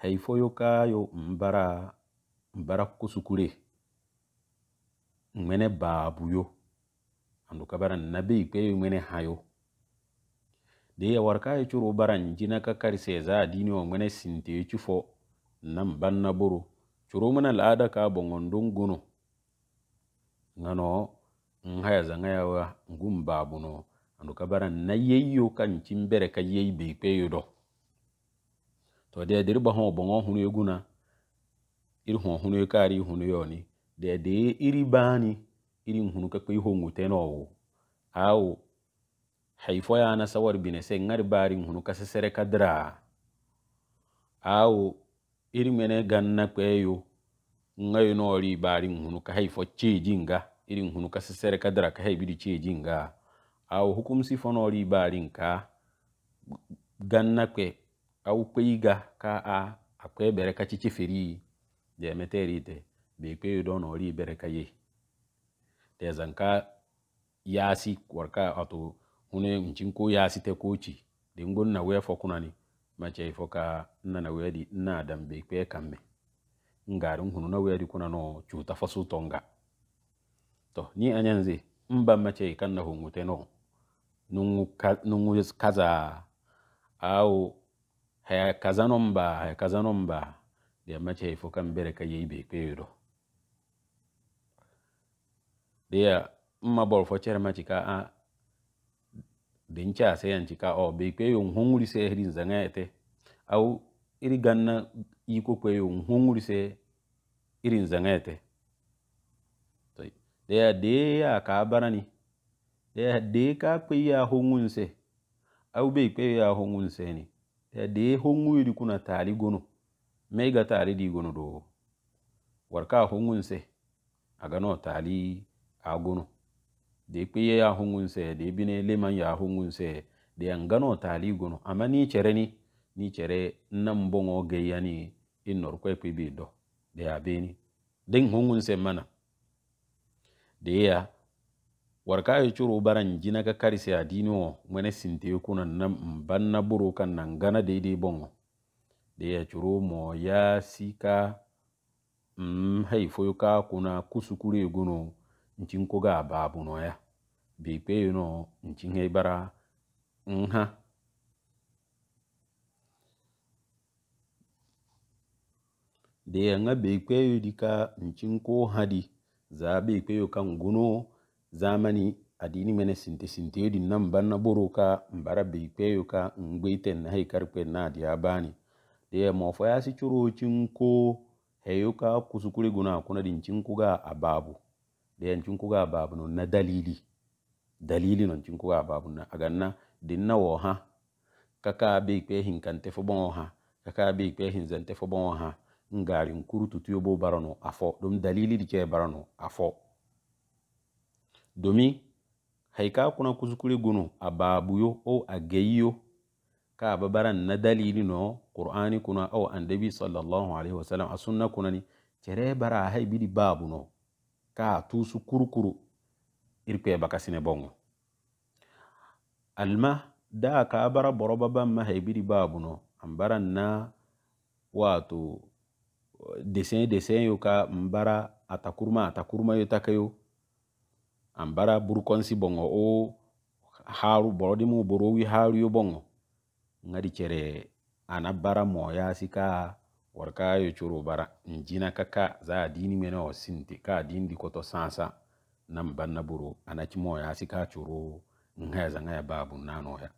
heifoyo kayo mbara mbara kusukure mene babuyo andu kabara nabi kweyo mene hayo deya warkayo curo bara njina kakari seza adini wa mene sinteyo chufo nam banna buru curo mena lada ka bongondun guno ngano nhaya zangaya wa ngum babuno andu kabara nayeyo kanchimbere kayeyi bikweyo do to de de riba ho bongo hunu yeguna iri ho hunu yekari hunu yoni de de iri bani iri hunu ka kai ho ngute no wo awo haifo ya na sawar bine se ngar bari hunu ka sesere kadra awo iri mene ganna kweyo ngayo no ri bari hunu ka haifo chejinga iri hunu ka sesere kadra ka haibiri chejinga awo hukum sifono ri bari nka ganna kwe awukpeiga ka a akpa ebere ka chichifere iyi demeterite bekpe yudo na ori ibere ka ye tezanka yasi warka ato hune nchinko yasi te kochi de ngon na we fokunani macha ka nna na we di nna adam bekpe kamme ngari hunu na we di kuna no chuta fasu nga. Tọ ni anya nze mba macha hụ hungute no nungu kaza au haya kazanomba haya kazanomba yammache ifukambere kayibe kpeedo deya mma bol fo cerema cika a dinca seyan cika o be kpeyo nhunguri se hri nzanga ete au iri ganna iko kpeyo nhunguri se iri nzanga ete deya ya ka bara ni deya de ka kpeya hongun se au be kpeyo ya hongun se ni de honŋuyodi kuna taali gono mai ga taali di gono do warka a agano taali a gono de kpeye ya honŋunse de bine leman ya honŋunse de angano taali gono amma ni cereni ni cere nan bongo geyani in norkwe kpebi do de abeni den honŋunse mana de ya warka ye coro baran njina ka karise a dini wo mwene sinte kuna na mbanna buro kan nan gana daidai bongo de ya coro mo ya sika mm haifo ka kuna kusukure gono ncin ko ga no ya bi pe no ncin he nha de nga be pe ka ncin ko hadi za be pe kan gono zamani adini mene sinte sinte yodi nan na boro ka mbara be ka ngwe na hay karpe na dia bani de mo ya si churo chinko heyo ka kusukuri guna kuna di nchinko ga ababu de nchinko ga ababu no na dalili dalili no nchinko ga ababu na aganna di na wo ha kaka be kantefo hin ha kaka be zantefo hin ha ngari nkuru tutu bo barano afo dum dalili di che barano afo domin haika kuna kuzukuri gunu a babuyo o a gayyo ka babaran na dalili no qur'ani kuna o annabi sallallahu alaihi wasallam a sunna kuna ni cere bara hay bidi babu no ka tusu kurukuru irpe sine bongo alma da ka bara borobaba ban ma hay bidi babu no ambaran na wato desin desin yo ka mbara atakurma atakurma yo takayo an bara burkonsi boŋo o haaru borodi mu boro wi haaruyo boŋo ŋadi kere ana bara moyasi ka wor ka yocuru bara njina ka ka za dini mene o sinti ka dindi koto sansa nan banna buru anaci moyasi ka curu ŋeza ŋaya babu nanoya